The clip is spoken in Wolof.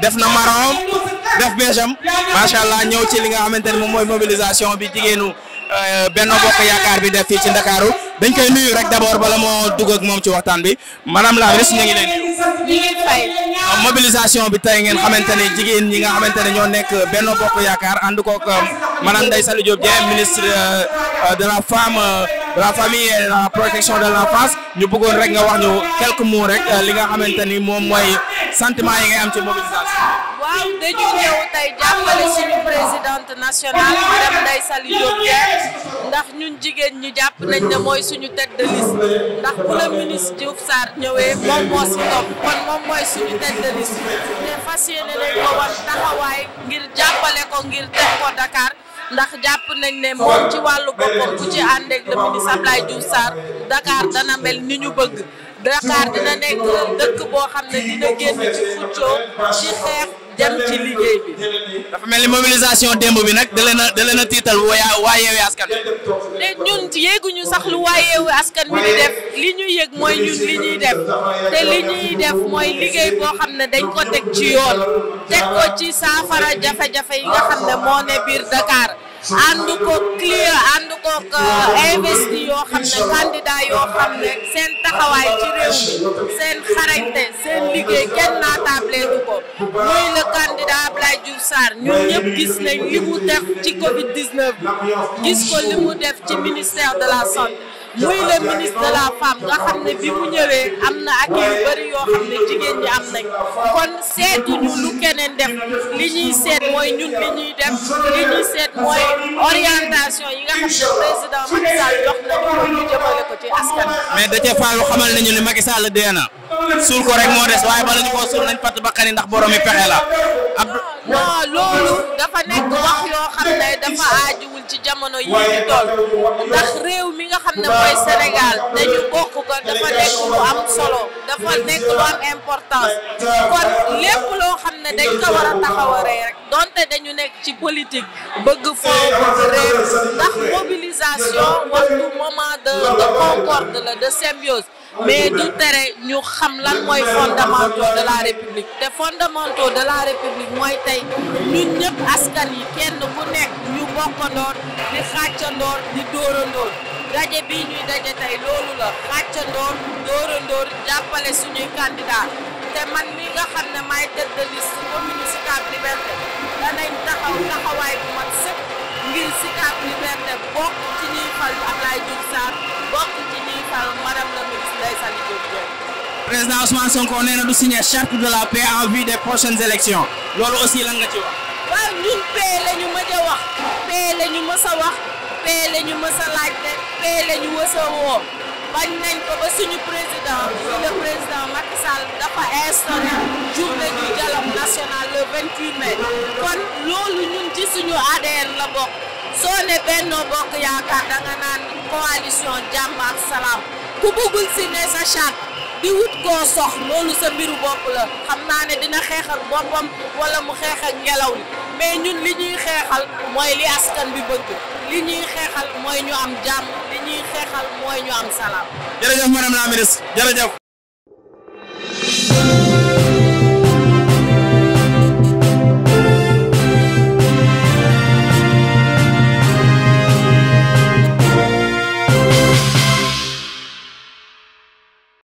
def na maroom def beesam macha allah ñëw ci li nga xamante ne moom mooy mobilisation bi jigéenu euh, Benno Bokk Yaakaar bi def fii ci Ndakaaru dañ koy nuyu rek d'abord bala moo dugg moom ci waxtaan bi madame la ministre ñu ngi ñu mobilisation bi tey ngeen xamante ne jigéen ñi nga xamante ne ñoo nekk Benno Bokk Yaakaar ànd koog euh, madame Ndeye Saly Diop Dieng ministre euh, de la femme euh, de la famille la protection de l'enfance ñu bëggoon rek nga wax ñu quelques mots rek li nga xamante ni moom mooy sentiment yi ngay am ci mobilisation. waaw dañu ñëw tey jàppale suñu présidente nationale madame Ndeye Saly ndax ñun jigéen ñi jàpp nañ ne mooy suñu tête de liste ndax bu la ministre Diouf Sarr ñëwee moom mooy suñu tête de fas yéene nañ ko wan taxawaay ngir jàppale ko ngir teg ko Dakar ndax jàpp nañ ne moom ci wàllu boppam bu ci ànd ak le ministre Abdoulaye Diouf Sarr Dakar dana mel ni ñu bëgg Dakar dina nekk dëkk boo xam ne dina génn ci fuccoo ci xeex dem ci liggéey bi. dafa mel ni mobilisation démb bi nag dalee na dalee na tiital waa waa yeewi askan wi. te ñun yéeguñu sax lu waa yeewi askan wi di def li ñu yëg mooy ñun li ñuy def te li ñuy def mooy liggéey boo xam ne dañ ko teg ci yoon teg ko ci saafara jafe-jafe yi nga xam ne moo ne biir Dakar. ànd ko clear ànd ko investi yoo xam ne candidat yoo xam ne seen taxawaay ci réew mi seen xarañte stable du ko muy le candidat Abdoulaye Diouf Sarr ñun ñëpp gis nañ li mu def ci Covid bi gis ko li mu def ci ministère de la santé muy le ministre de la femme nga xam ne bi mu ñëwee am na ak yu bëri yoo xam ne jigéen ñi am nañ kon seetuñu lu keneen def li ñuy seet mooy ñun li ñuy def li ñuy seet mooy orientation yi nga xam ne président Macky Sall jox nañu ko ñu jëmale ko ci askan mais da cee faalu xamal nañu ne Macky Sall dee na suul ko rek moo des waaye bala ñu koo suul nañ patt bakkan yi ndax borom pexe la. Abdou loolu dafa nekk wax yoo xam ne dafa aajuwul ci jamono yi ñu ndax réew mi nga xam ne mooy Sénégal dañu bokk ko dafa nekk lu am solo dafa nekk lu am kon lépp loo xam ne dañ ko war a taxawaree rek donte dañu nekk ci politique bëgg foo bëgg réew ndax mobilisation waxtu moment de concorde la de symbiose. mais du tere ñu xam lan mooy fondamentaux de république te fondamentaux de république mooy tey ñun ñëpp askan yi kenn ku nekk ñu bokkandoor di xàccandoor di dóorandoor daje bii ñuy daje tey loolu la xàccandoor dóorandoor jàppale suñuy candidat te man mi nga xam ne maay tête de liste commune danañ taxaw taxawaay bu mat sëkk ngir Sicap Liberté bokk ci ñuy fal Abdoulaye Diouf Sarr président Ousmane Sonko nee na du signer charte de la paix en vue des prochaines loolu aussi lan nga ci wax. waaw ñun paix ñu mën a wax. paix ñu mës a wax. paix la ñu a laajte. paix ñu mës woo. bañ nañ ko ba suñu président le président Macky dafa instauré journée du dialogue national le 28 kon loolu ñun ci suñu ADN la bokk. soo ne Benno Bokk Yaakaar da naan coalition jàmm ak salaam ku bëggul signer sa charte. di wut koo sox loolu sa mbiru bopp la xam naa ne dina xeexal boppam wala mu xeex ak ngelaw mais ñun li ñuy xeexal mooy li bi bëgg li ñuy xeexal mooy ñu am jàmm li ñuy xeexal mooy ñu am salaam. jërëjëf madame la ministre jërëjëf.